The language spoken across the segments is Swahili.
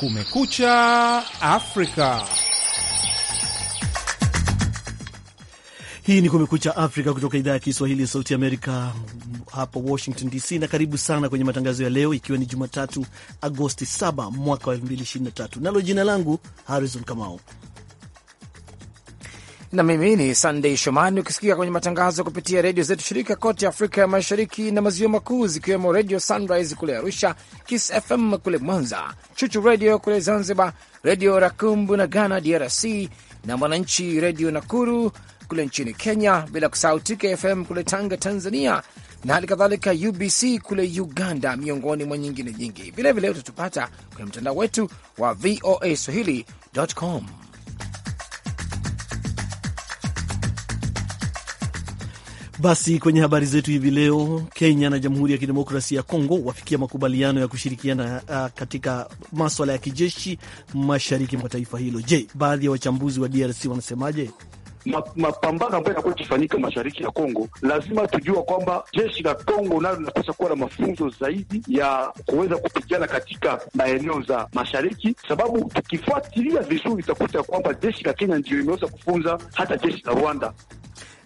Kumekucha Afrika. Hii ni Kumekucha Afrika kutoka idhaa ya Kiswahili ya Sauti Amerika hapa Washington DC, na karibu sana kwenye matangazo ya leo, ikiwa ni Jumatatu Agosti 7 mwaka wa 2023. Nalo jina langu Harrison Kamau na mimi ni Sunday Shomani, ukisikika kwenye matangazo kupitia redio zetu shirika kote Afrika ya Mashariki na Maziwa Makuu, zikiwemo Redio Sunrise kule Arusha, Kiss FM kule Mwanza, Chuchu Redio kule Zanzibar, Redio Rakumbu na Ghana DRC, na Mwananchi Redio Nakuru kule nchini Kenya, bila kusahau TKFM kule Tanga, Tanzania, na hali kadhalika UBC kule Uganda, miongoni mwa nyingine nyingi. Vilevile utatupata kwenye mtandao wetu wa VOA swahili.com. Basi kwenye habari zetu hivi leo, Kenya na Jamhuri ya Kidemokrasia ya Kongo wafikia makubaliano ya kushirikiana uh, katika maswala ya kijeshi mashariki mwa taifa hilo. Je, baadhi ya wachambuzi wa DRC wanasemaje? mapambano ambayo yanakuwa ikifanyika mashariki ya Kongo, lazima tujua kwamba jeshi la Kongo nalo linapasa kuwa na mafunzo zaidi ya kuweza kupigana katika maeneo za mashariki, sababu tukifuatilia vizuri itakuta ya kwamba jeshi la Kenya ndio imeweza kufunza hata jeshi la Rwanda.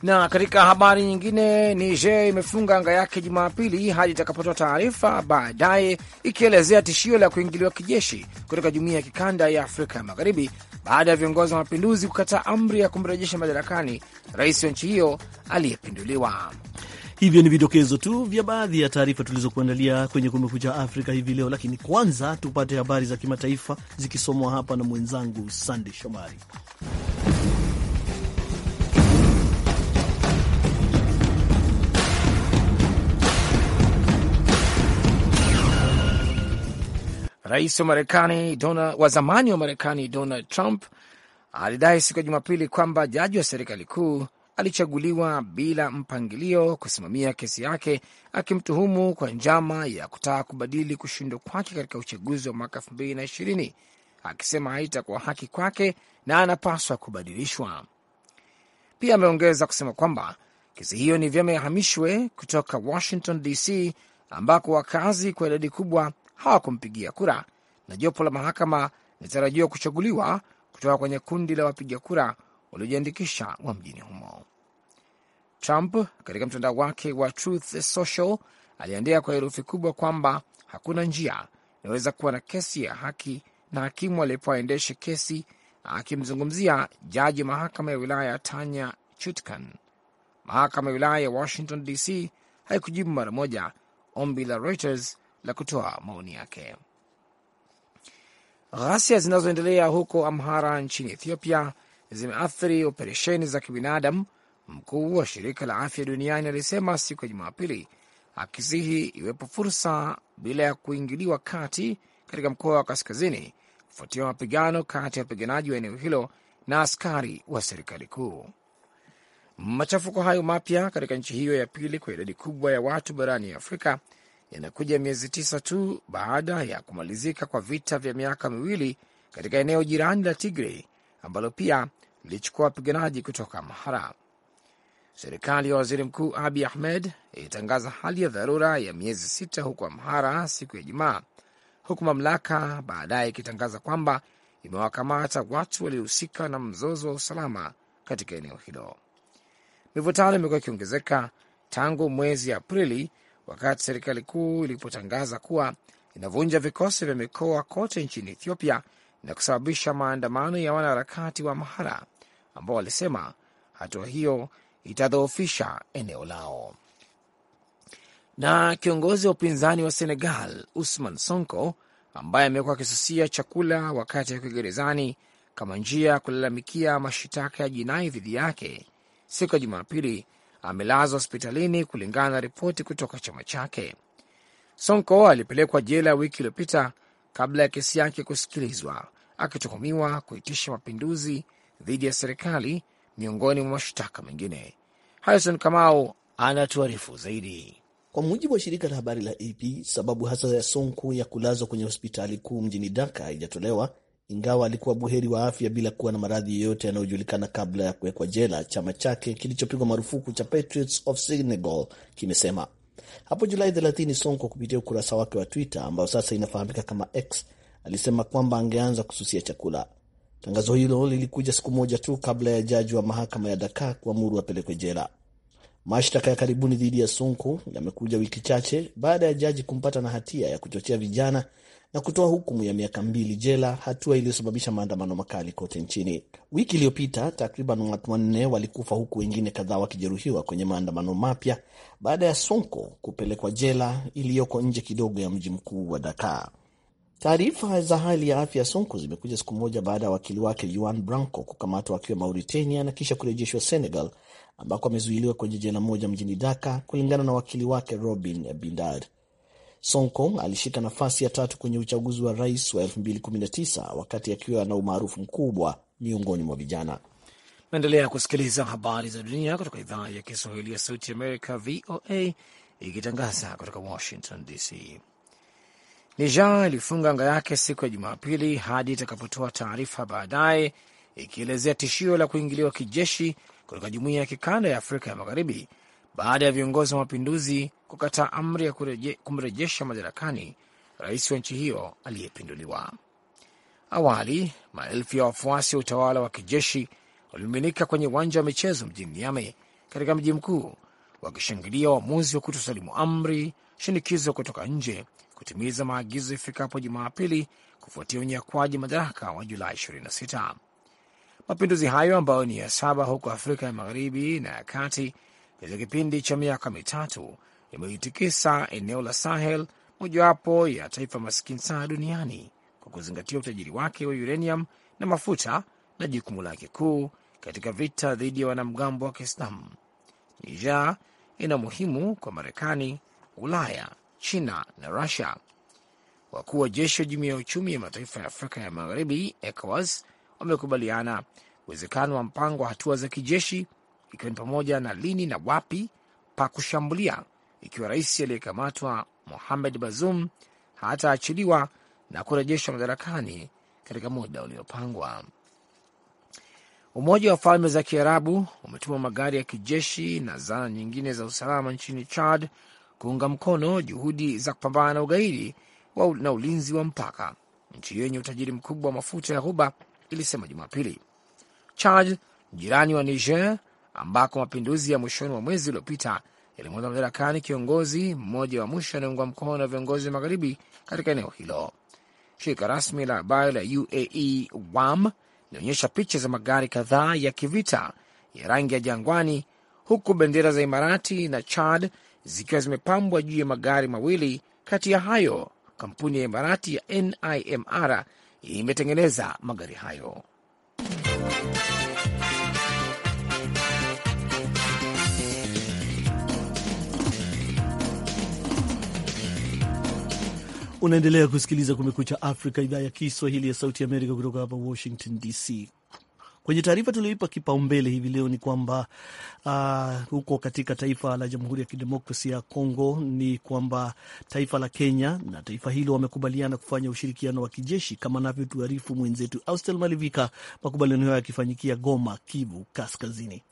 Na katika habari nyingine, Niger imefunga anga yake Jumapili hadi itakapotoa taarifa baadaye ikielezea tishio la kuingiliwa kijeshi kutoka jumuiya ya kikanda ya Afrika ya Magharibi baada ya viongozi wa mapinduzi kukataa amri ya kumrejesha madarakani rais wa nchi hiyo aliyepinduliwa. Hivyo ni vidokezo tu vya baadhi ya taarifa tulizokuandalia kwenye Kumekucha Afrika hivi leo, lakini kwanza tupate habari za kimataifa zikisomwa hapa na mwenzangu Sande Shomari. Rais wa Marekani wa zamani wa Marekani Donald Trump alidai siku ya Jumapili kwamba jaji wa serikali kuu alichaguliwa bila mpangilio kusimamia kesi yake, akimtuhumu kwa njama ya kutaka kubadili kushindwa kwake katika uchaguzi wa mwaka ishirini, akisema haitakuwa haki kwake na anapaswa kubadilishwa. Pia ameongeza kusema kwamba kesi hiyo ni vyema ihamishwe kutoka Washington DC ambako wakazi kwa idadi kubwa hawakumpigia kura na jopo la mahakama linatarajiwa kuchaguliwa kutoka kwenye kundi la wapiga kura waliojiandikisha wa mjini humo. Trump katika mtandao wake wa Truth Social aliandika kwa herufi kubwa kwamba hakuna njia inaweza kuwa na kesi ya haki na hakimu aliyepewa aendeshe kesi, akimzungumzia jaji mahakama ya wilaya ya Tanya Chutkan. Mahakama ya wilaya ya Washington DC haikujibu mara moja ombi la Reuters la kutoa maoni yake. Ghasia zinazoendelea huko Amhara nchini Ethiopia zimeathiri operesheni za kibinadamu, mkuu wa shirika la afya duniani alisema siku ya Jumapili, akisihi iwepo fursa bila ya kuingiliwa kati katika mkoa wa kaskazini kufuatia mapigano kati ya wapiganaji wa eneo hilo na askari wa serikali kuu. Machafuko hayo mapya katika nchi hiyo ya pili kwa idadi kubwa ya watu barani Afrika yanakuja miezi tisa tu baada ya kumalizika kwa vita vya miaka miwili katika eneo jirani la Tigray ambalo pia lilichukua wapiganaji kutoka Amhara. Serikali ya waziri mkuu Abiy Ahmed ilitangaza hali ya dharura ya miezi sita huko Amhara siku ya Ijumaa, huku mamlaka baadaye ikitangaza kwamba imewakamata watu waliohusika na mzozo wa usalama katika eneo hilo. Mivutano imekuwa ikiongezeka tangu mwezi Aprili wakati serikali kuu ilipotangaza kuwa inavunja vikosi vya mikoa kote nchini Ethiopia na kusababisha maandamano ya wanaharakati wa Amhara ambao walisema hatua hiyo itadhoofisha eneo lao. Na kiongozi wa upinzani wa Senegal Usman Sonko ambaye amekuwa akisusia chakula wakati akiwa gerezani kama njia ya kulalamikia mashitaka ya jinai dhidi yake, siku ya Jumapili amelazwa hospitalini, kulingana na ripoti kutoka chama chake. Sonko alipelekwa jela wiki iliyopita kabla ya kesi yake kusikilizwa, akituhumiwa kuitisha mapinduzi dhidi ya serikali miongoni mwa mashtaka mengine. Harison Kamau anatuarifu zaidi. Kwa mujibu wa shirika la habari la AP, sababu hasa ya Sonko ya kulazwa kwenye hospitali kuu mjini Dhaka haijatolewa, ingawa alikuwa buheri wa afya bila kuwa na maradhi yoyote yanayojulikana kabla ya kuwekwa jela, chama chake kilichopigwa marufuku cha Patriots of Senegal kimesema hapo Julai 30. Sonko kupitia ukurasa wake wa Twitter ambao sasa inafahamika kama X alisema kwamba angeanza kususia chakula. Tangazo hilo lilikuja siku moja tu kabla ya jaji wa mahakama ya Dakar kuamuru apelekwe jela. Mashtaka ya karibuni dhidi ya Sonko yamekuja wiki chache baada ya jaji kumpata na hatia ya kuchochea vijana na kutoa hukumu ya miaka mbili jela, hatua iliyosababisha maandamano makali kote nchini. Wiki iliyopita takriban watu wanne walikufa huku wengine kadhaa wakijeruhiwa kwenye maandamano mapya baada ya Sonko kupelekwa jela iliyoko nje kidogo ya mji mkuu wa Dakar. Taarifa za hali ya afya ya Sonko zimekuja siku moja baada ya wakili wake Juan Branco kukamatwa akiwa Mauritania na kisha kurejeshwa Senegal ambako amezuiliwa kwenye jela moja mjini Dakar, kulingana na wakili wake Robin Bindad. Sonko alishika nafasi ya tatu kwenye uchaguzi wa rais wa 2019 wakati akiwa na umaarufu mkubwa miongoni mwa vijana. Naendelea kusikiliza habari za dunia kutoka idhaa ya Kiswahili ya Sauti Amerika, VOA, ikitangaza kutoka Washington DC. Niger ilifunga anga yake siku ya Jumapili hadi itakapotoa taarifa baadaye, ikielezea tishio la kuingiliwa kijeshi kutoka jumuiya ya kikanda ya Afrika ya Magharibi baada ya viongozi wa mapinduzi kukataa amri ya kureje, kumrejesha madarakani rais wa nchi hiyo aliyepinduliwa. Awali maelfu ya wafuasi wa utawala wa kijeshi walimiminika kwenye uwanja wa michezo mjini Niamey katika mji mkuu, wakishangilia uamuzi wa kutosalimu amri shinikizo kutoka nje kutimiza maagizo ifikapo Jumapili kufuatia unyakwaji madaraka wa Julai 26. Mapinduzi hayo ambayo ni ya saba huko Afrika ya magharibi na ya kati katika kipindi cha miaka mitatu imeitikisa eneo la Sahel, mojawapo ya taifa maskini sana duniani kwa kuzingatia utajiri wake wa uranium na mafuta na jukumu lake kuu katika vita dhidi ya wanamgambo wa Kiislamu. Niger ina muhimu kwa Marekani, Ulaya, China na Rusia. Wakuu wa jeshi wa Jumuiya ya Uchumi ya Mataifa ya Afrika ya Magharibi, ECOWAS, wamekubaliana uwezekano wa mpango wa hatua za kijeshi ikiwa ni pamoja na lini na wapi pa kushambulia, ikiwa rais aliyekamatwa Mohamed Bazoum hataachiliwa na kurejeshwa madarakani katika muda uliopangwa. Umoja wa Falme za Kiarabu umetuma magari ya kijeshi na zana nyingine za usalama nchini Chad kuunga mkono juhudi za kupambana na ugaidi na ulinzi wa mpaka. Nchi hiyo yenye utajiri mkubwa wa mafuta ya ghuba ilisema Jumapili. Chad, jirani wa Niger, ambako mapinduzi ya mwishoni mwa mwezi uliopita yalimwondoa madarakani kiongozi mmoja wa mwisho anayeungwa mkono na viongozi wa magharibi katika eneo hilo. Shirika rasmi la habari la UAE WAM inaonyesha picha za magari kadhaa ya kivita ya rangi ya jangwani, huku bendera za Imarati na Chad zikiwa zimepambwa juu ya magari mawili kati ya hayo. Kampuni ya Imarati ya NIMR imetengeneza magari hayo. Unaendelea kusikiliza Kumekucha Afrika, idhaa ya Kiswahili ya Sauti Amerika kutoka hapa Washington DC. Kwenye taarifa tulioipa kipaumbele hivi leo ni kwamba uh, huko katika taifa la Jamhuri ya Kidemokrasia ya Kongo ni kwamba taifa la Kenya na taifa hilo wamekubaliana kufanya ushirikiano wa kijeshi kama anavyotuarifu mwenzetu Austel Malivika, makubaliano hayo yakifanyikia Goma, Kivu Kaskazini.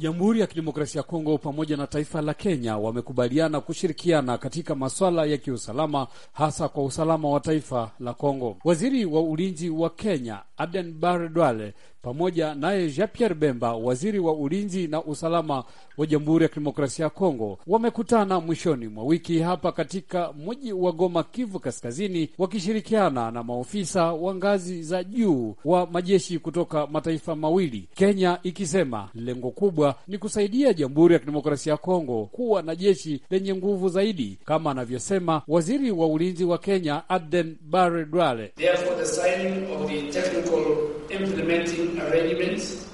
Jamhuri ya Kidemokrasia ya Kongo pamoja na taifa la Kenya wamekubaliana kushirikiana katika maswala ya kiusalama, hasa kwa usalama wa taifa la Kongo. Waziri wa ulinzi wa Kenya Aden Bare Duale pamoja naye Jean Pierre Bemba, waziri wa ulinzi na usalama wa Jamhuri ya Kidemokrasia ya Kongo, wamekutana mwishoni mwa wiki hapa katika mji wa Goma, Kivu Kaskazini, wakishirikiana na maofisa wa ngazi za juu wa majeshi kutoka mataifa mawili, Kenya ikisema lengo kubwa ni kusaidia Jamhuri ya Kidemokrasia ya Kongo kuwa na jeshi lenye nguvu zaidi, kama anavyosema waziri wa ulinzi wa Kenya Aden Bare technical implementing arrangements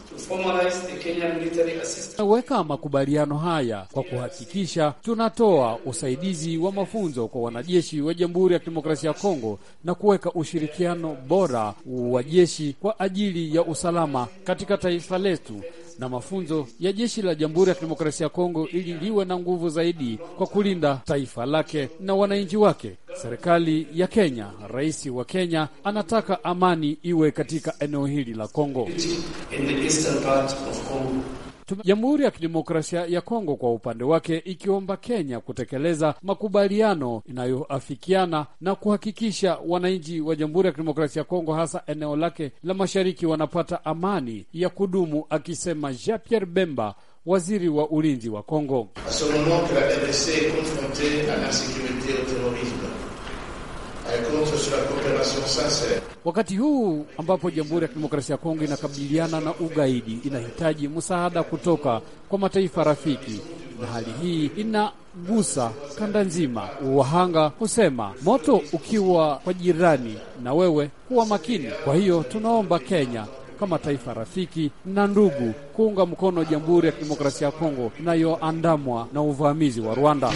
Naweka makubaliano haya kwa kuhakikisha tunatoa usaidizi wa mafunzo kwa wanajeshi wa Jamhuri ya Kidemokrasia ya Kongo na kuweka ushirikiano bora wa jeshi kwa ajili ya usalama katika taifa letu na mafunzo ya jeshi la Jamhuri ya Kidemokrasia ya Kongo ili liwe na nguvu zaidi kwa kulinda taifa lake na wananchi wake. Serikali ya Kenya, rais wa Kenya anataka amani iwe katika eneo hili la Kongo. In the Jamhuri ya Kidemokrasia ya Kongo kwa upande wake ikiomba Kenya kutekeleza makubaliano inayoafikiana na kuhakikisha wananchi wa Jamhuri ya Kidemokrasia ya Kongo hasa eneo lake la mashariki wanapata amani ya kudumu, akisema Jean Pierre Bemba, waziri wa ulinzi wa Kongo. Wakati huu ambapo Jamhuri ya Kidemokrasia ya Kongo inakabiliana na ugaidi, inahitaji msaada kutoka kwa mataifa rafiki, na hali hii inagusa kanda nzima. Wahanga husema moto ukiwa kwa jirani na wewe kuwa makini. Kwa hiyo tunaomba Kenya kama taifa rafiki na ndugu kuunga mkono Jamhuri ya Kidemokrasia ya Kongo inayoandamwa na uvamizi wa Rwanda.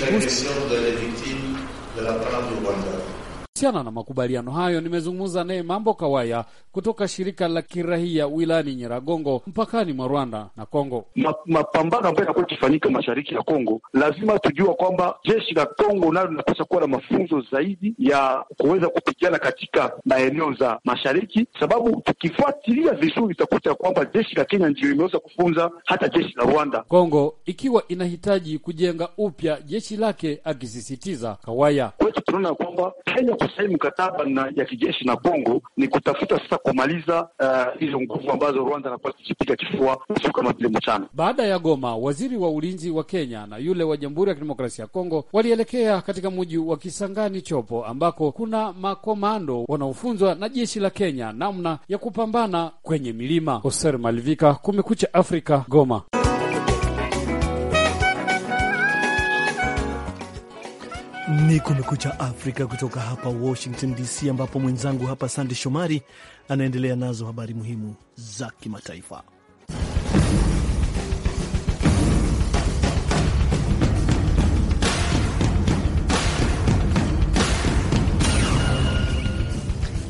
Kuhusiana na makubaliano hayo, nimezungumza naye Mambo Kawaya kutoka shirika la kirahia wilayani Nyiragongo, mpakani mwa Rwanda na Kongo. Mapambano ambayo yanakuwa ikifanyika mashariki ya Kongo, lazima tujua kwamba jeshi la Kongo nalo linapasha kuwa na mafunzo zaidi ya kuweza kupigana katika maeneo za mashariki, sababu tukifuatilia vizuri itakuta kwamba jeshi la Kenya ndiyo imeweza kufunza hata jeshi la Rwanda. Kongo ikiwa inahitaji kujenga upya jeshi lake, akisisitiza Kawaya. Kwetu tunaona kwamba Kenya tumesaini mkataba na, ya kijeshi na Kongo ni kutafuta sasa kumaliza uh, hizo uh, nguvu ambazo Rwanda anakuwa kijipiga kifua usiku kama vile mchana. Baada ya Goma, waziri wa ulinzi wa Kenya na yule wa Jamhuri ya Kidemokrasia ya Kongo walielekea katika mji wa Kisangani Chopo, ambako kuna makomando wanaofunzwa na jeshi la Kenya namna ya kupambana kwenye milima. Hoser Malivika, Kumekucha Afrika, Goma. Ni Kumekucha Afrika kutoka hapa Washington DC, ambapo mwenzangu hapa Sande Shomari anaendelea nazo habari muhimu za kimataifa.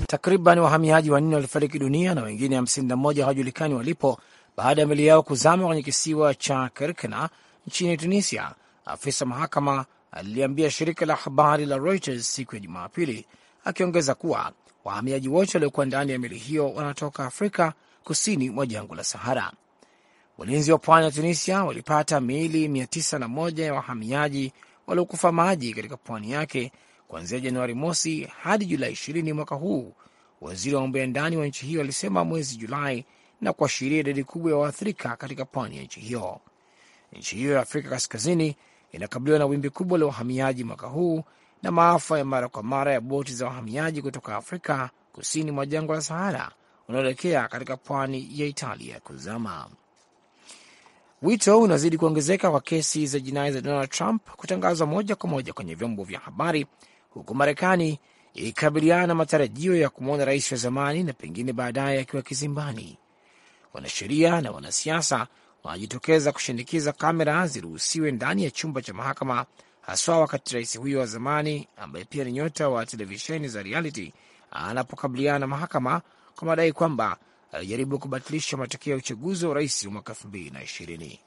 Takriban wahamiaji wanne walifariki dunia na wengine 51 hawajulikani walipo baada ya meli yao kuzama kwenye kisiwa cha Kerkena nchini Tunisia, afisa mahakama aliliambia shirika la habari la Reuters siku ya Jumapili, akiongeza kuwa wahamiaji wote waliokuwa ndani ya meli hiyo wanatoka Afrika kusini mwa jangwa la Sahara. Walinzi wa pwani ya Tunisia walipata miili 901 ya wahamiaji waliokufa maji katika pwani yake kuanzia Januari mosi hadi Julai 20 mwaka huu, waziri wa mambo ya ndani wa nchi hiyo alisema mwezi Julai, na kuashiria idadi kubwa ya waathirika katika pwani ya nchi hiyo. Nchi hiyo ya Afrika Kaskazini inakabiliwa na wimbi kubwa la wahamiaji mwaka huu na maafa ya mara kwa mara ya boti za wahamiaji kutoka Afrika kusini mwa jangwa la Sahara unaoelekea katika pwani ya Italia kuzama. Wito unazidi kuongezeka kwa kesi za jinai za Donald Trump kutangazwa moja kwa moja kwenye vyombo vya habari, huku Marekani ikikabiliana na matarajio ya kumwona rais wa zamani na pengine baadaye akiwa kizimbani. Wanasheria na wanasiasa wanajitokeza kushinikiza kamera ziruhusiwe ndani ya chumba cha mahakama, haswa wakati rais huyo wa zamani ambaye pia ni nyota wa televisheni za reality anapokabiliana na mahakama kwa madai kwamba alijaribu kubatilisha matokeo ya uchaguzi wa urais wa mwaka ishirini.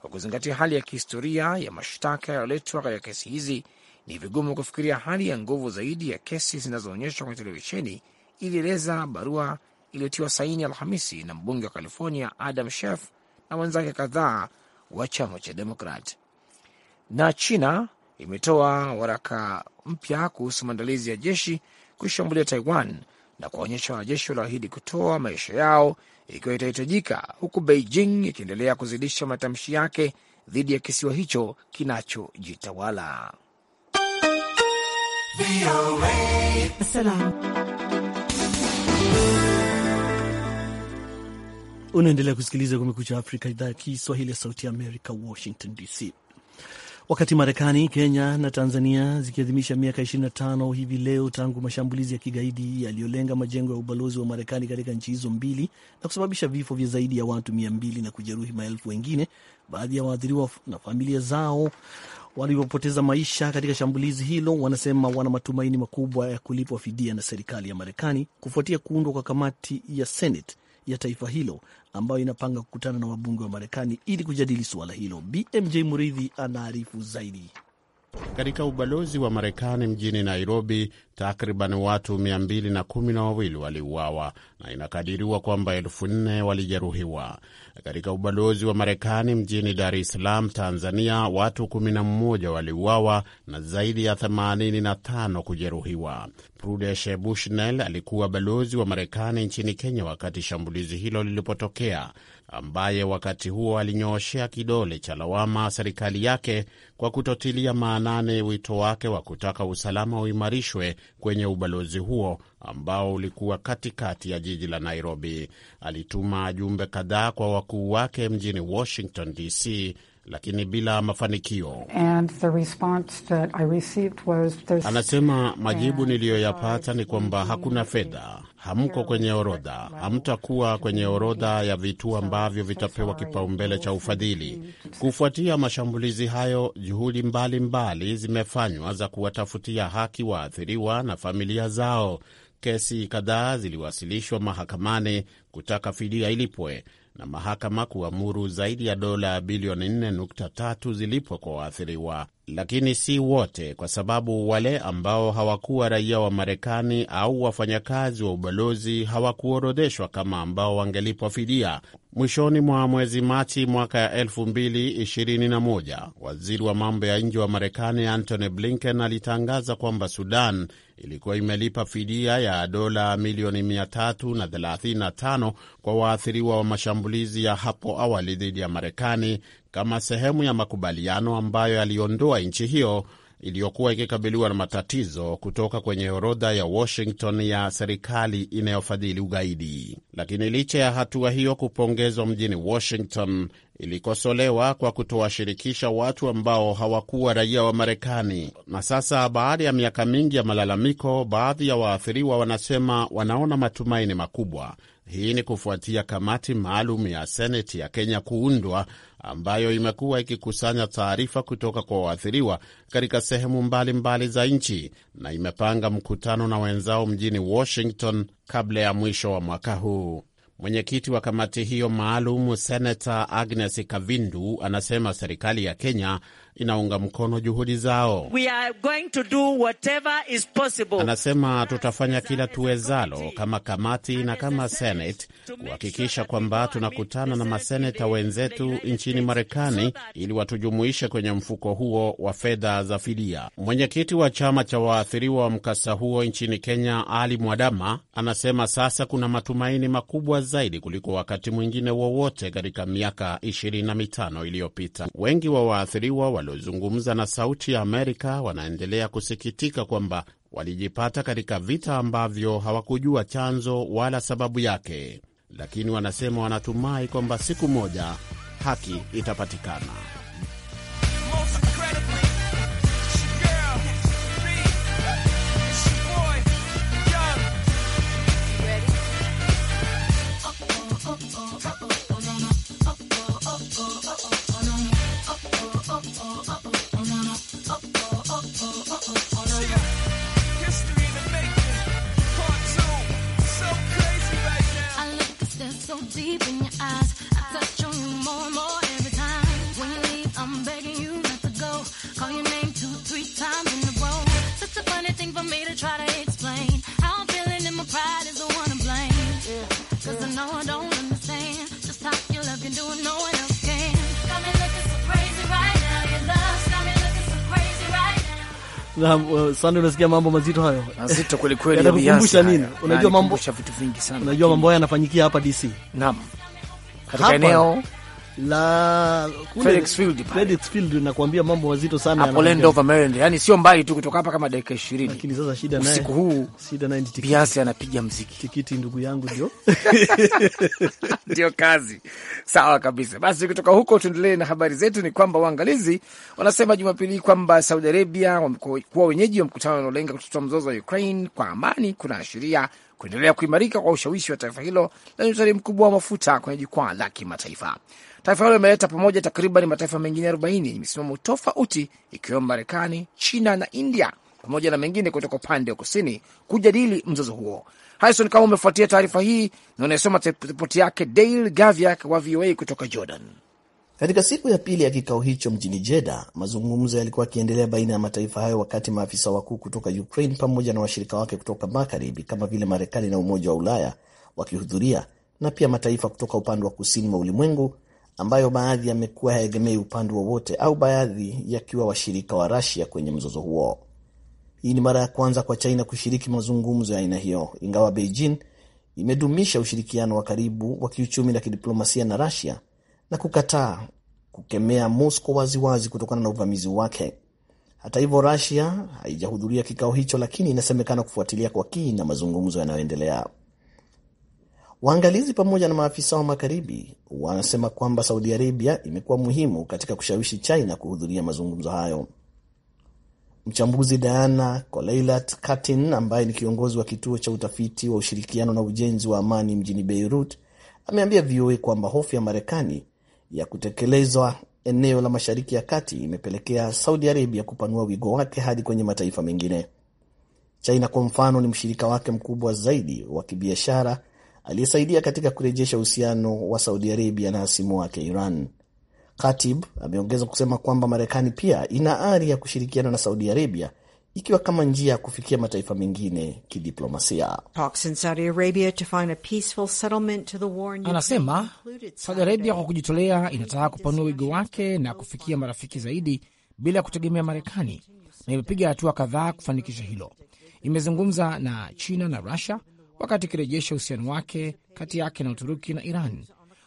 Kwa kuzingatia hali ya kihistoria ya mashtaka yaliyoletwa katika kesi hizi, ni vigumu kufikiria hali ya nguvu zaidi ya kesi zinazoonyeshwa kwenye televisheni, ilieleza barua iliyotiwa saini Alhamisi na mbunge wa California Adam Schiff na wenzake kadhaa wa chama cha Demokrat. Na China imetoa waraka mpya kuhusu maandalizi ya jeshi kushambulia Taiwan na kuwaonyesha wanajeshi walioahidi kutoa maisha yao ikiwa itahitajika, huku Beijing ikiendelea kuzidisha matamshi yake dhidi ya kisiwa hicho kinachojitawala. Unaendelea kusikiliza Kumekucha Afrika, idhaa ya Kiswahili ya Sauti ya Amerika, Washington DC. Wakati Marekani, Kenya na Tanzania zikiadhimisha miaka 25 hivi leo tangu mashambulizi ya kigaidi yaliyolenga majengo ya ubalozi wa Marekani katika nchi hizo mbili na kusababisha vifo vya zaidi ya watu 2 na kujeruhi maelfu wengine, baadhi ya waathiriwa na familia zao waliopoteza maisha katika shambulizi hilo wanasema wana matumaini makubwa ya kulipwa fidia na serikali ya Marekani kufuatia kuundwa kwa kamati ya Senate ya taifa hilo ambayo inapanga kukutana na wabunge wa Marekani ili kujadili suala hilo. BMJ Muridhi anaarifu zaidi. Katika ubalozi wa Marekani mjini Nairobi, takriban watu mia mbili na kumi na wawili waliuawa na inakadiriwa kwamba elfu nne walijeruhiwa. Katika ubalozi wa Marekani mjini Dar es Salaam, Tanzania, watu 11 waliuawa na zaidi ya 85 kujeruhiwa. Prudesh Bushnell alikuwa balozi wa Marekani nchini Kenya wakati shambulizi hilo lilipotokea, ambaye wakati huo alinyooshea kidole cha lawama serikali yake kwa kutotilia maanane wito wake wa kutaka usalama uimarishwe kwenye ubalozi huo ambao ulikuwa katikati ya jiji la Nairobi. Alituma jumbe kadhaa kwa wakuu wake mjini Washington DC lakini bila mafanikio. Anasema majibu niliyoyapata ni kwamba hakuna fedha, hamko kwenye orodha, hamtakuwa kwenye orodha ya vituo ambavyo vitapewa kipaumbele cha ufadhili. Kufuatia mashambulizi hayo, juhudi mbalimbali zimefanywa za kuwatafutia haki waathiriwa na familia zao. Kesi kadhaa ziliwasilishwa mahakamani kutaka fidia ilipwe na mahakama kuamuru zaidi ya dola bilioni 4.3 zilipwe kwa waathiriwa lakini si wote, kwa sababu wale ambao hawakuwa raia wa Marekani au wafanyakazi wa ubalozi hawakuorodheshwa kama ambao wangelipwa fidia. Mwishoni mwa mwezi Machi mwaka ya 2021 waziri wa mambo ya nje wa Marekani Antony Blinken alitangaza kwamba Sudan ilikuwa imelipa fidia ya dola milioni 335 kwa waathiriwa wa mashambulizi ya hapo awali dhidi ya Marekani kama sehemu ya makubaliano ambayo yaliondoa nchi hiyo iliyokuwa ikikabiliwa na matatizo kutoka kwenye orodha ya Washington ya serikali inayofadhili ugaidi. Lakini licha ya hatua hiyo kupongezwa mjini Washington, ilikosolewa kwa kutowashirikisha watu ambao hawakuwa raia wa Marekani. Na sasa baada ya miaka mingi ya malalamiko, baadhi ya waathiriwa wanasema wanaona matumaini makubwa. Hii ni kufuatia kamati maalum ya Seneti ya Kenya kuundwa ambayo imekuwa ikikusanya taarifa kutoka kwa waathiriwa katika sehemu mbalimbali mbali za nchi na imepanga mkutano na wenzao mjini Washington kabla ya mwisho wa mwaka huu. Mwenyekiti wa kamati hiyo maalum Senata Agnes Kavindu anasema serikali ya Kenya inaunga mkono juhudi zao. We are going to do whatever is possible. Anasema tutafanya kila tuwezalo kama kamati na kama Senate kuhakikisha kwamba tunakutana na maseneta wenzetu nchini Marekani ili watujumuishe kwenye mfuko huo wa fedha za fidia. Mwenyekiti wa chama cha waathiriwa wa mkasa huo nchini Kenya, Ali Mwadama, anasema sasa kuna matumaini makubwa zaidi kuliko wakati mwingine wowote katika miaka 25 iliyopita. Wengi wa waathiriwa waliozungumza na Sauti ya Amerika wanaendelea kusikitika kwamba walijipata katika vita ambavyo hawakujua chanzo wala sababu yake, lakini wanasema wanatumai kwamba siku moja haki itapatikana. Uh, Sande, unasikia mambo mazito hayo, mazito kweli kweli, yanakukumbusha nini? Unajua yaani mambo, unajua mambo haya yanafanyikia hapa DC. Naam, katika eneo la Felix Field Felix Field, nakwambia mambo mazito sana hapo, Land of Maryland, yani sio mbali tu kutoka hapa kama dakika 20. Lakini sasa shida naye usiku huu, shida naye tikiti, biasi anapiga muziki Tikiti ndugu yangu, ndio ndio kazi. Sawa kabisa. Basi kutoka huko tuendelee na habari zetu. Ni kwamba waangalizi wanasema Jumapili kwamba Saudi Arabia wamekuwa wenyeji wa mkutano unaolenga kutotoa mzozo wa Ukraine kwa amani, kuna ashiria kuendelea kuimarika kwa ushawishi wa taifa hilo lenye utari mkubwa wa mafuta kwenye jukwaa la kimataifa. Taifa hilo limeleta pamoja takriban mataifa mengine 40 yenye misimamo tofauti ikiwemo Marekani, China na India pamoja na mengine kutoka upande wa kusini kujadili mzozo huo. Harison, kama umefuatia taarifa hii na unayesoma ripoti yake Dale Gaviak wa VOA kutoka Jordan. Katika siku ya pili ya kikao hicho mjini Jeda, mazungumzo yalikuwa yakiendelea baina ya mataifa hayo, wakati maafisa wakuu kutoka Ukraine pamoja na washirika wake kutoka magharibi kama vile Marekani na Umoja wa Ulaya wakihudhuria na pia mataifa kutoka upande wa kusini mwa ulimwengu ambayo baadhi yamekuwa hayaegemei upande wowote au baadhi yakiwa washirika wa Rasia kwenye mzozo huo. Hii ni mara ya kwanza kwa China kushiriki mazungumzo ya aina hiyo, ingawa Beijing imedumisha ushirikiano wa karibu wa kiuchumi na kidiplomasia na Rasia na kukataa kukemea Moscow waziwazi kutokana na uvamizi wake. Hata hivyo, Rasia haijahudhuria kikao hicho, lakini inasemekana kufuatilia kwa kina mazungumzo yanayoendelea. Waangalizi pamoja na maafisa wa Magharibi wanasema kwamba Saudi Arabia imekuwa muhimu katika kushawishi China kuhudhuria mazungumzo hayo. Mchambuzi Diana Koleilat Katin ambaye ni kiongozi wa kituo cha utafiti wa ushirikiano na ujenzi wa amani mjini Beirut ameambia VOA kwamba hofu ya Marekani ya kutekelezwa eneo la Mashariki ya Kati imepelekea Saudi Arabia kupanua wigo wake hadi kwenye mataifa mengine. China kwa mfano ni mshirika wake mkubwa zaidi wa kibiashara aliyesaidia katika kurejesha uhusiano wa Saudi Arabia na hasimu wake Iran. Katib ameongeza kusema kwamba Marekani pia ina ari ya kushirikiana na Saudi Arabia ikiwa kama njia ya kufikia mataifa mengine kidiplomasia. Anasema Saudi Arabia kwa kujitolea inataka kupanua wigo wake na kufikia marafiki zaidi bila kutegemea Marekani, na imepiga hatua kadhaa kufanikisha hilo. Imezungumza na China na Rusia wakati ikirejesha uhusiano wake kati yake na Uturuki na Iran.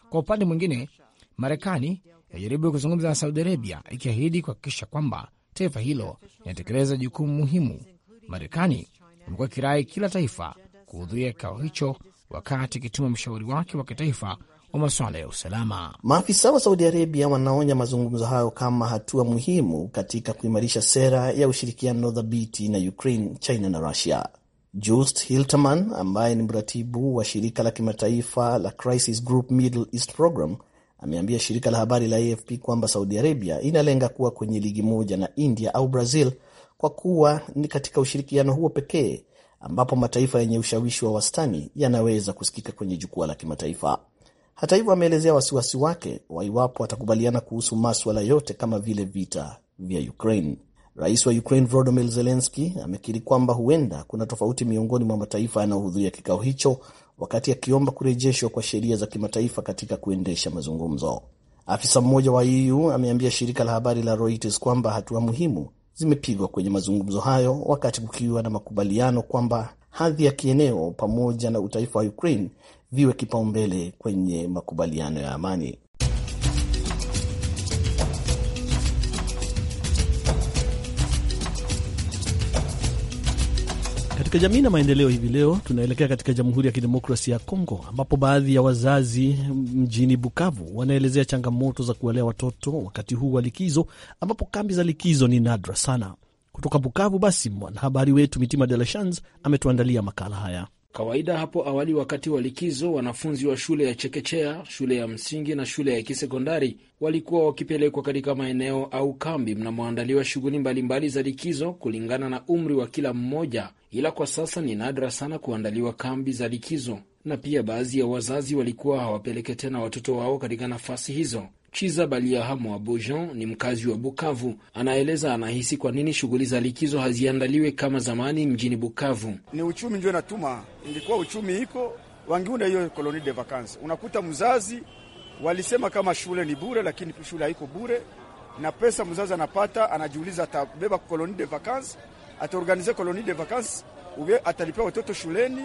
Kwa upande mwingine, Marekani inajaribu kuzungumza na Saudi Arabia ikiahidi kuhakikisha kwamba taifa hilo linatekeleza jukumu muhimu. Marekani imekuwa kirai kila taifa kuhudhuria kikao hicho wakati ikituma mshauri wake wa kitaifa wa masuala ya usalama. Maafisa wa Saudi Arabia wanaonya mazungumzo hayo kama hatua muhimu katika kuimarisha sera ya ushirikiano dhabiti na Ukraine, China na Rusia. Just Hilterman ambaye ni mratibu wa shirika la kimataifa la Crisis Group Middle East program ameambia shirika la habari la AFP kwamba Saudi Arabia inalenga kuwa kwenye ligi moja na India au Brazil kwa kuwa ni katika ushirikiano huo pekee ambapo mataifa yenye ushawishi wa wastani yanaweza kusikika kwenye jukwaa la kimataifa. Hata hivyo, ameelezea wasiwasi wake wa iwapo watakubaliana kuhusu maswala yote kama vile vita vya Ukraine. Rais wa Ukraine Volodymyr Zelensky amekiri kwamba huenda kuna tofauti miongoni mwa mataifa yanayohudhuria kikao hicho, wakati akiomba kurejeshwa kwa sheria za kimataifa katika kuendesha mazungumzo. Afisa mmoja wa EU ameambia shirika la habari la Reuters kwamba hatua muhimu zimepigwa kwenye mazungumzo hayo, wakati kukiwa na makubaliano kwamba hadhi ya kieneo pamoja na utaifa wa Ukraine viwe kipaumbele kwenye makubaliano ya amani. Katika jamii na maendeleo, hivi leo tunaelekea katika Jamhuri ya Kidemokrasia ya Kongo, ambapo baadhi ya wazazi mjini Bukavu wanaelezea changamoto za kuwalea watoto wakati huu wa likizo, ambapo kambi za likizo ni nadra sana. Kutoka Bukavu, basi mwanahabari wetu Mitima De La Shans ametuandalia makala haya. Kawaida hapo awali, wakati wa likizo, wanafunzi wa shule ya chekechea, shule ya msingi na shule ya kisekondari walikuwa wakipelekwa katika maeneo au kambi mnamoandaliwa shughuli mbalimbali za likizo kulingana na umri wa kila mmoja, ila kwa sasa ni nadra sana kuandaliwa kambi za likizo, na pia baadhi ya wazazi walikuwa hawapeleke tena watoto wao katika nafasi hizo. Chiza Baliahamu wa Bojan ni mkazi wa Bukavu, anaeleza anahisi kwa nini shughuli za likizo haziandaliwe kama zamani mjini Bukavu. Ni uchumi ndio natuma, ingekuwa uchumi iko wangiunda hiyo koloni de vacances. Unakuta mzazi walisema kama shule ni bure, lakini shule haiko bure, na pesa mzazi anapata, anajiuliza atabeba koloni de vacances, ataorganize koloni de vacances, uwe atalipia watoto shuleni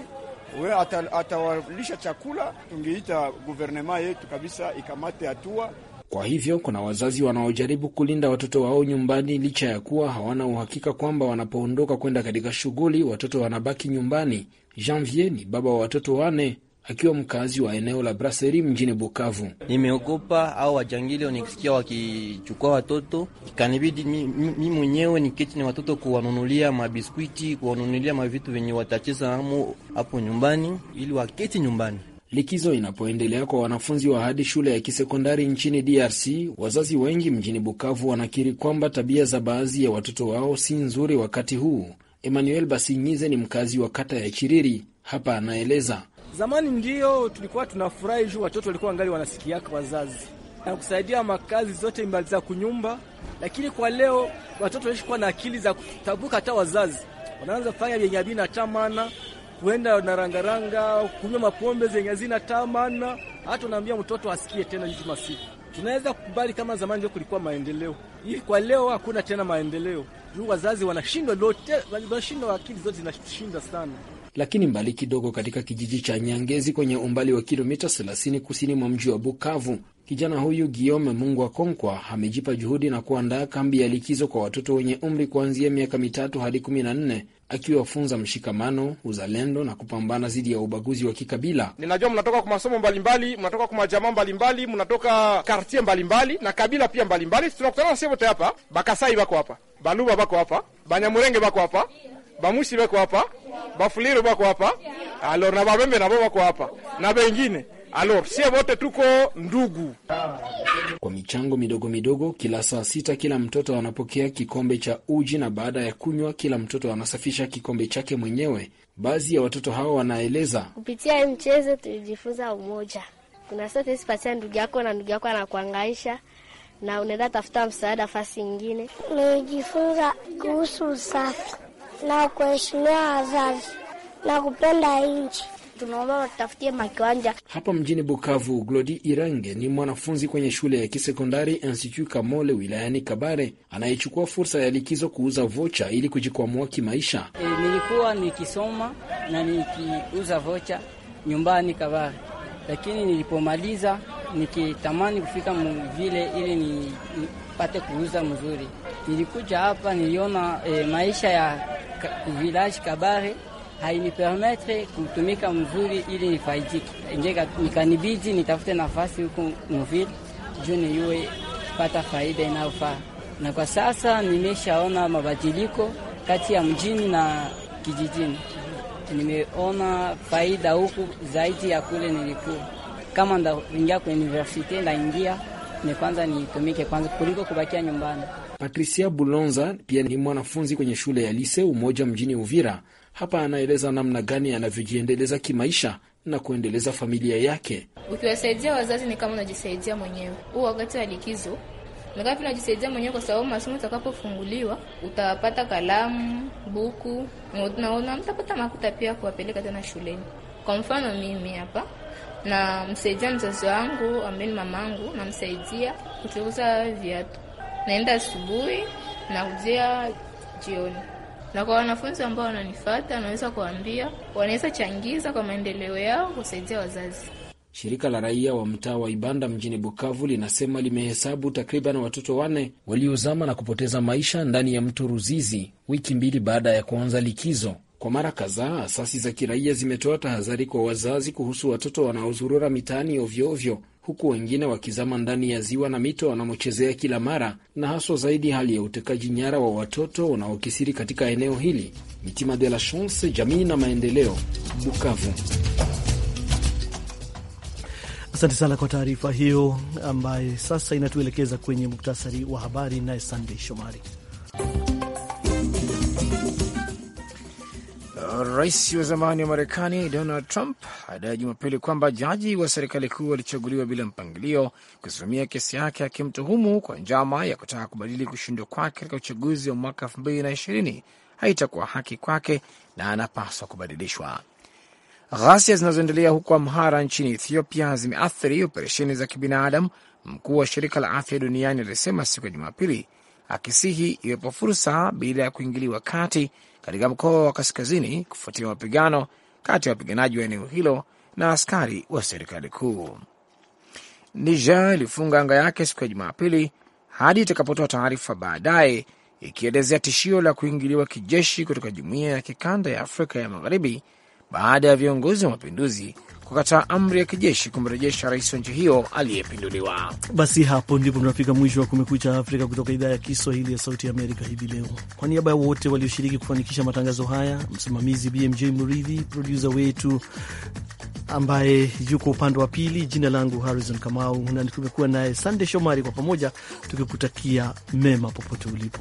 we atawalisha chakula. Tungeita guvernema yetu kabisa ikamate hatua kwa hivyo kuna wazazi wanaojaribu kulinda watoto wao nyumbani licha ya kuwa hawana uhakika kwamba wanapoondoka kwenda katika shughuli watoto wanabaki nyumbani. Janvier ni baba wa watoto wane akiwa mkazi wa eneo la braseri mjini Bukavu. Nimeogopa au wajangili wanikisikia wakichukua watoto, ikanibidi mi mwenyewe niketi na watoto kuwanunulia mabiskwiti, kuwanunulia mavitu venye watacheza amo hapo nyumbani, ili waketi nyumbani. Likizo inapoendelea kwa wanafunzi wa hadi shule ya kisekondari nchini DRC, wazazi wengi mjini Bukavu wanakiri kwamba tabia za baadhi ya watoto wao si nzuri wakati huu. Emmanuel Basinyize ni mkazi wa kata ya Chiriri. Hapa anaeleza: zamani ndiyo tulikuwa tunafurahi juu watoto walikuwa wangali wanasikiaka wazazi na kusaidia makazi zote mbali za kunyumba, lakini kwa leo watoto wanaishikuwa na akili za kutabuka, hata wazazi wanaanza fanya vyenye havina hata kuenda na rangaranga, kunywa mapombe zenye hazina tamana. Hata unaambia mtoto asikie tena hizi masiku. Tunaweza kukubali kama zamani ndio kulikuwa maendeleo, hii kwa leo hakuna tena maendeleo juu wazazi wanashindwa lote, wanashindwa, akili zote zinashinda sana lakini mbali kidogo katika kijiji cha Nyangezi kwenye umbali wa kilomita 30 kusini mwa mji wa Bukavu, kijana huyu Mungu wa Konkwa amejipa juhudi na kuandaa kambi ya likizo kwa watoto wenye umri kuanzia miaka mitatu hadi kumi na nne akiwafunza mshikamano, uzalendo na kupambana dhidi ya ubaguzi wa kikabila. Ninajua mnatoka kwa masomo mbalimbali, mnatoka kwa majamaa mbalimbali, mnatoka kartie mbalimbali na kabila pia mbalimbali. Tunakutana na wote hapa. Bakasai bako hapa, Baluba bako hapa, Banyamurenge bako hapa, Bamushi bako hapa, Bafuliru bako hapa, alo na Babembe nabo bako hapa na bengine Alors sie wote tuko ndugu. Kwa michango midogo midogo, kila saa sita kila mtoto anapokea kikombe cha uji, na baada ya kunywa kila mtoto anasafisha kikombe chake mwenyewe. Baadhi ya watoto hao wanaeleza, kupitia mchezo tulijifunza umoja. Kuna sote sipatia ndugu yako na ndugu yako anakuangaisha na unaenda tafuta msaada fasi ingine. Nimejifunza kuhusu usafi na kuheshimia wazazi na kupenda nchi tunaomba watafutie makiwanja hapa mjini Bukavu. Glodi Irenge ni mwanafunzi kwenye shule ya kisekondari Institut Kamole wilayani Kabare, anayechukua fursa ya likizo kuuza vocha ili kujikwamua kimaisha. E, nilikuwa nikisoma na nikiuza vocha nyumbani Kabare, lakini nilipomaliza nikitamani kufika mvile ili nipate kuuza mzuri, nilikuja hapa niliona e, maisha ya ka, village Kabare hainipermetre kutumika mzuri ili nifaidike, ingeka nikanibidi nitafute nafasi huko mvili juu niwe pata faida inayofaa. Na kwa sasa nimeshaona mabadiliko kati ya mjini na kijijini, nimeona faida huku zaidi ya kule nilikuwa. Kama ndaingia kwa university, ndaingia ni kwanza nitumike kwanza kuliko kubakia nyumbani. Patricia Bulonza pia ni mwanafunzi kwenye shule ya lise Umoja mjini Uvira hapa anaeleza namna gani anavyojiendeleza kimaisha na kuendeleza familia yake. Ukiwasaidia wazazi ni kama unajisaidia mwenyewe. Huu wakati wa likizo ni najisaidia unajisaidia mwenyewe, kwa sababu masomo utakapofunguliwa utapata kalamu, buku naona mtapata makuta pia kuwapeleka tena shuleni. Kwa mfano mimi hapa namsaidia mzazi wangu ambaye ni mamangu, namsaidia kuchuguza viatu, naenda asubuhi na kujia jioni na kwa wanafunzi ambao wananifuata, wanaweza kuambia wanaweza changiza kwa maendeleo yao kusaidia wazazi. Shirika la raia wa mtaa wa Ibanda mjini Bukavu linasema limehesabu takriban watoto wane waliozama na kupoteza maisha ndani ya mto Ruzizi wiki mbili baada ya kuanza likizo. Kwa mara kadhaa, asasi za kiraia zimetoa tahadhari kwa wazazi kuhusu watoto wanaozurura mitaani ovyoovyo huku wengine wakizama ndani ya ziwa na mito wanamochezea kila mara, na haswa zaidi hali ya utekaji nyara wa watoto wanaokisiri katika eneo hili. Mitima de la Chance, jamii na maendeleo, Bukavu. Asante sana kwa taarifa hiyo ambaye sasa inatuelekeza kwenye muktasari wa habari, naye Sandey Shomari. Rais wa zamani wa Marekani Donald Trump adai Jumapili kwamba jaji wa serikali kuu alichaguliwa bila mpangilio kusimamia kesi yake akimtuhumu kwa njama ya kutaka kubadili kushindwa kwake katika uchaguzi wa mwaka 2020 haitakuwa haki kwake na anapaswa kubadilishwa. Ghasia zinazoendelea huko Amhara nchini Ethiopia zimeathiri operesheni za kibinadamu, mkuu wa shirika la afya duniani alisema siku ya Jumapili, akisihi iwepo fursa bila ya kuingiliwa kati katika mkoa wa kaskazini kufuatia mapigano kati ya wapiganaji wa eneo hilo na askari wa serikali kuu. Niger ilifunga anga yake siku ya Jumapili hadi itakapotoa taarifa baadaye ikielezea tishio la kuingiliwa kijeshi kutoka jumuiya ya kikanda ya Afrika ya Magharibi baada ya viongozi wa mapinduzi kukataa amri ya kijeshi kumrejesha rais wa nchi hiyo aliyepinduliwa. Basi hapo ndipo tunafika mwisho wa Kumekucha Afrika kutoka idhaa ya Kiswahili ya Sauti ya Amerika hivi leo. Kwa niaba ya wote walioshiriki kufanikisha matangazo haya, msimamizi BMJ Muridhi, produsa wetu ambaye yuko upande wa pili, jina langu Harrison Kamau na tumekuwa naye Sande Shomari, kwa pamoja tukikutakia mema popote ulipo.